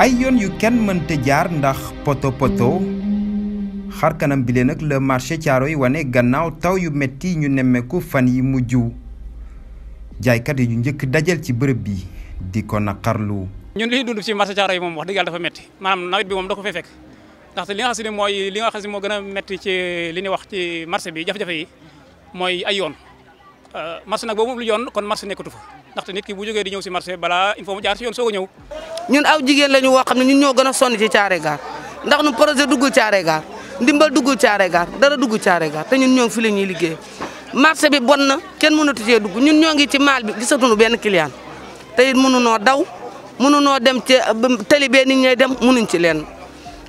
ay yoon yu kenn mënta jaar ndax poto poto xar kanam bi leen nag le marché caaro yi wane gannaaw taw yu metti ñu nemmeeku fan yi mujj jaaykat yi ñu njëkk dajal ci bërëb bi di ko naqarlu. ñun li dund ci marché caaro yi moom wax dëgg yàlla dafa metti maanaam nawet bi moom da ko fee fekk ndaxte li nga xam ne mooy li nga xam moo gën a metti ci li ñuy wax ci marché bi jafe-jafe yi mooy ay yoon. Euh, marché nag boobu lu yoon kon marché nekkatu fa ndaxte nit ki bu j di ñëw si marché balaa il faut ñun aw jigéen lañu woo xam ne ñun ñoo gën a sonn ci Thiaroye Gare ndax nu projet duggul Thiaroye Gare ndimbal dugg Thiaroye Gare dara dugg Thiaroye Gare te ñun ñoo ngi fi la ñuy liggéey marché bi bon na kenn mënatu cee dugg ñun ñoo ngi ci maal bi gisatuñu benn client te it noo daw noo dem ci tali bee nit ñay dem mënuñ ci leen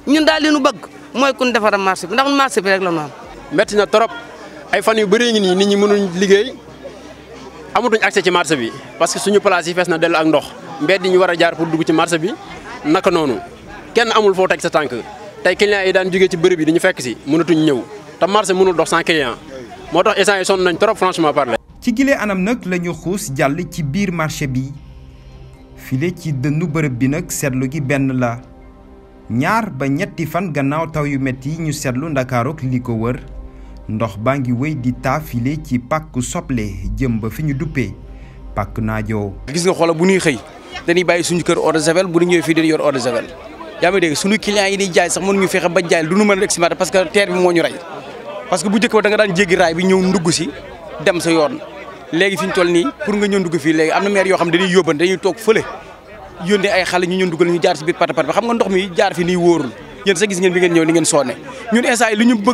ñun daal li nu bëgg mooy ku ñu defara marché bi ndax marché bi rek la ñu am. métti na trop ay fan yu bëri ngi nii nit ñi mënuñ liggéey amatuñ accès ci marché bi parce que suñu place yi fees na dellu ak ndox. mbedd ñu wara a jaar pour dugg ci marché bi naka nonu kenn amul fo tek sa tank tay client yi daan jógee ci bërëb bi dañu fekk ci mënatu ñëw ta marché mënul dox sans client motax essence yi nañ trop franchement parler. ci gilé anam nak lañu ñu jall ci biir marché bi filé ci dëndu bëre bi nak sétlu gi ben la ñaar ba ñetti fan gannaaw taw yu metti ñu sétlu ndakaarook li ko wër ndox baangi ngi di di filé ci pak soplé jëm ba fiñu duppé pak pàkk gis nga xol bu ñuy xey dañuy bàyyi suñu kër eau de javel bu ñu ñëwee fii dañuy yor eau de javel suñu clients yi di jaay sax mënuñu fexe ba jaay lu ñu mën a exprimer parce que terre bi moo ñu rey parce que bu njëkk ba da daan jéggi raay bi ñëw ndugg si dem sa yoon léegi fi ñu toll nii pour nga ñëw ndugg fii léegi am na maire yoo xam dañuy yóbban dañuy toog ñu ñëw nduggal ñu jaar si biir pata pata bi xam nga ndox mi jaar fi nii ñu bëgg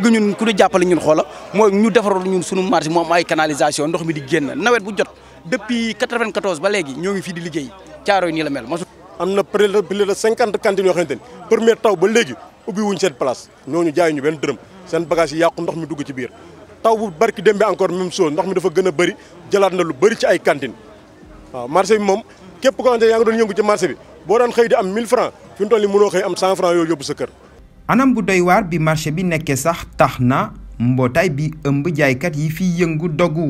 ñun ku ñu jàppale ñun xoola mooy ñu defaroon ñun suñu marché mu am ay ndox mi di génn nawet bu jot depuis 94 ba léegi ñoo ngi fii di liggéey caaroy ni la mel mosu am na près de plus de cinquante cantines yoo taw ba legui ubi wuñ sen place ñoñu jaay ñu ben dërëm sen bagage yi yàqu ndox mi dugg ci biir taw bu barki dembe encore même chose ndox mi dafa gëna bari bëri na lu bari ci ay cantine wa marché bi moom képp ko xamanteni ya nga doon yëngu ci marché bi bo daan xey di am 1000 francs fi ñu tolli mëno xey am 100 francs yooyu yóbbu sa kër anam bu doy war bi marché bi nekké sax taxna mbotay bi ëmb jaay kat yi fi yëngu dogu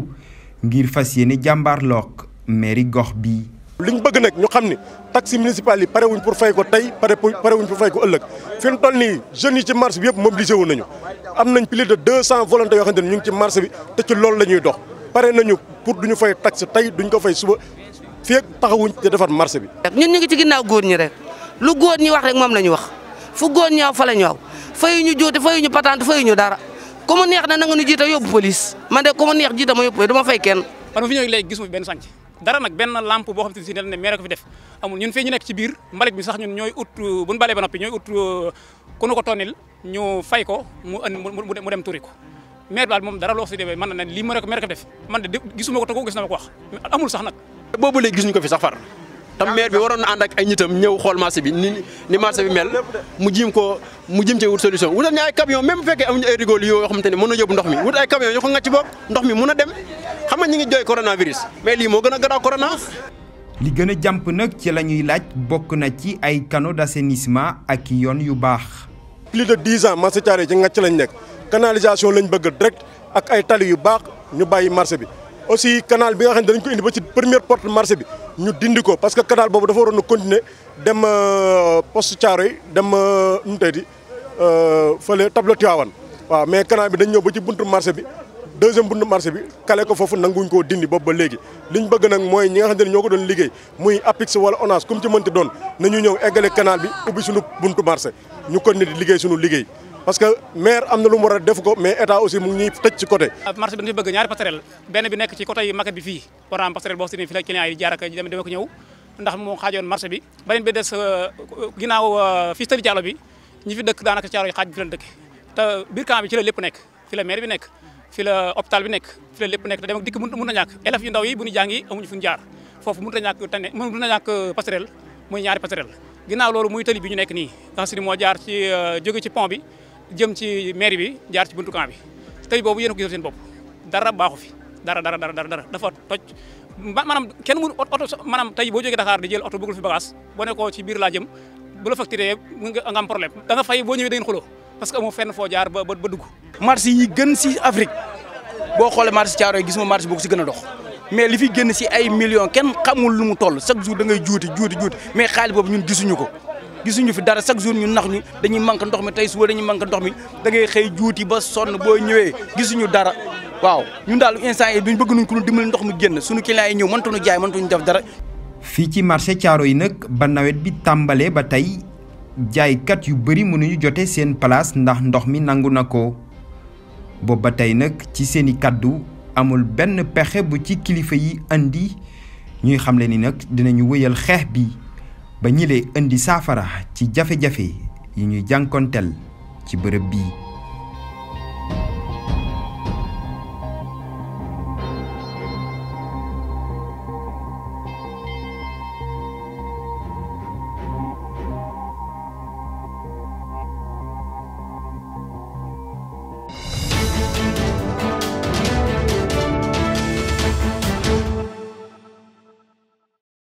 ngir fasiyene jambar lok mairie gox bi liñ bëgg nak ñu xamni taxi municipal yi paré wuñ pour fay ko tay paré paré wuñ pour fay ko ëlëk fi mu toll ni jeune yi ci marché bi yëpp mobilisé wu nañu am nañ plus de 200 volontaires yo xamanteni ñu ci marché bi te ci loolu lañuy dox paré nañu pour duñu fay taxi tay duñ ko fay suba fii taxawuñ te defar marché bi. ñun ñu ngi ci ginnaw goor ñi rek lu goor ñi wax rek mom lañu wax fu goor ñaw fa lañu wax fay ñu fayuñu fay ñu patante fay ñu dara ku neex na nga ñu jiite yobbu police man de ku neex jiite ma yobbu dama fay kenn. man fi lay gis mu ben sànc dara nag benn lampe boo xam ne si ne ne meere ko fi def amul ñun fii ñu nekk ci biir mbalit bi sax ñun ñooy ut bu ñu ba noppi ñooy ut ku ko tonnil ñu fay ko mu ënn mu dem turi ko maire daal moom dara loo si demee mën na ne lii meere ko meere ko fi def man de gisuma ko te gis na ma ko wax amul sax nag boobu léegi gisuñu ko fi sax far tam maire bi waroon na ànd ak ay ñitam ñëw xool marché bi ni ni marché bi mel mu jiim ko mu jiim ci wut solution wutal ñu ay camion même bu fekkee amuñu ay rigole yoo xam ne mën na yóbbu ndox mi wut ay camion ñu ko ngacc boog ndox mi mun a dem xam ñu ngi jooy coronavirus mais lii moo gën a garaaw corona li gën a jàmp nag ci la ñuy laaj bokk na ci ay canaux d'assainissement ak yoon yu baax plus de dix ans marché Thiaroye ci ngacc lañ nekk canalisation lañ bëgg direct ak ay tali yu baax ñu bàyyi marché bi aussi canal bi nga xam dañ ko indi ba ci première porte marché bi ñu dindi ko parce que canal bobu dafa waroon a continuer dem euh, poste Thiaroye dem euh, nu mu tëddee euh, tableau tiawan wa mais canal bi dañ ñëw ba ci buntu marché bi deuxième buntu marché bi kale ko fofu nanguñ ko dindi bobu ba léegi li bëgg nak moy ñi nga xam ñoko doon liggéey muy APIX wala ONAS kum ci mënti doon nañu ñëw égalé canal bi ubi suñu buntu marché ñu continuer di liggéey suñu liggéey. parce que maire am na lu mu war a def ko mais état aussi tëj ci côté marché bi dañu bëgg ñaari passerelle benn bi nekk ci côté yi maquette bi fii war na am passerelle boo xam ne fii la client yi jaar ak dem nekk fi la ndaw yi bu ñu jàngi amuñu fu ñu jaar foofu mun na ñàkk tane muy ñaari passerelle ginnaaw loolu muy tali bi ñu nekk nii nga si ni moo jaar ci euh, jóge ci pont jëm ci maire bi jaar ci buntu camp bi tay bobu yeen ko gisoon seen bop dara baxu fi dara dara dara dara dafa toj manam kenn mu auto manam tay bo joge Dakar di jël oto bëggul fi bagage boo ne ko ci bir la jëm bu la facturé nga am problème da nga fay bo ñëwee da ngeen xulo parce que amu fenn fo jaar ba ba dugg. marché yi gën ci Afrique bo xolé marché gis gisuma marché boobu si gën a dox mais li fi gën ci ay millions kenn xamul lu mu toll chaque jour da ngay juuti juuti juuti mais xaalis bobu ñun gisunu ko. gisuñu fi dara chaque jour ñu nax ñu dañuy manqué ndox mi tey suba dañuy manqué ndox mi da ngay xëy juuti ba sonn boo ñëwee gisuñu dara waaw ñun daal instant yi duñ bëgg nuñ ku nu dimbali ndox mi génn sunu client yi ñëw mënatuñu jaay mënatuñu def dara fii ci marché caaro yi nag ba nawet bi tàmbalee ba tey jaaykat yu bëri mënuñu jote seen place ndax ndox mi nangu na ko boobu ba tey nag ci seeni kàddu amul benn pexe bu ci kilifa yi indi ñuy xamle ni nag dinañu wëyal xeex bi ba ñilee indi saafara ci jafe-jafe yi ñuy jànkonteel ci bërëb bii